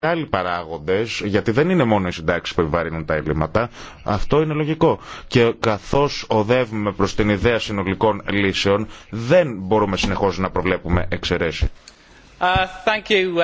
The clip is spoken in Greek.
άλλοι παράγοντε, γιατί δεν είναι μόνο οι συντάξει που επιβαρύνουν τα έλλειμματα, αυτό είναι λογικό. Και καθώ οδεύουμε προ την ιδέα συνολικών λύσεων, δεν μπορούμε συνεχώ να προβλέπουμε εξαιρέσει. Uh, thank you.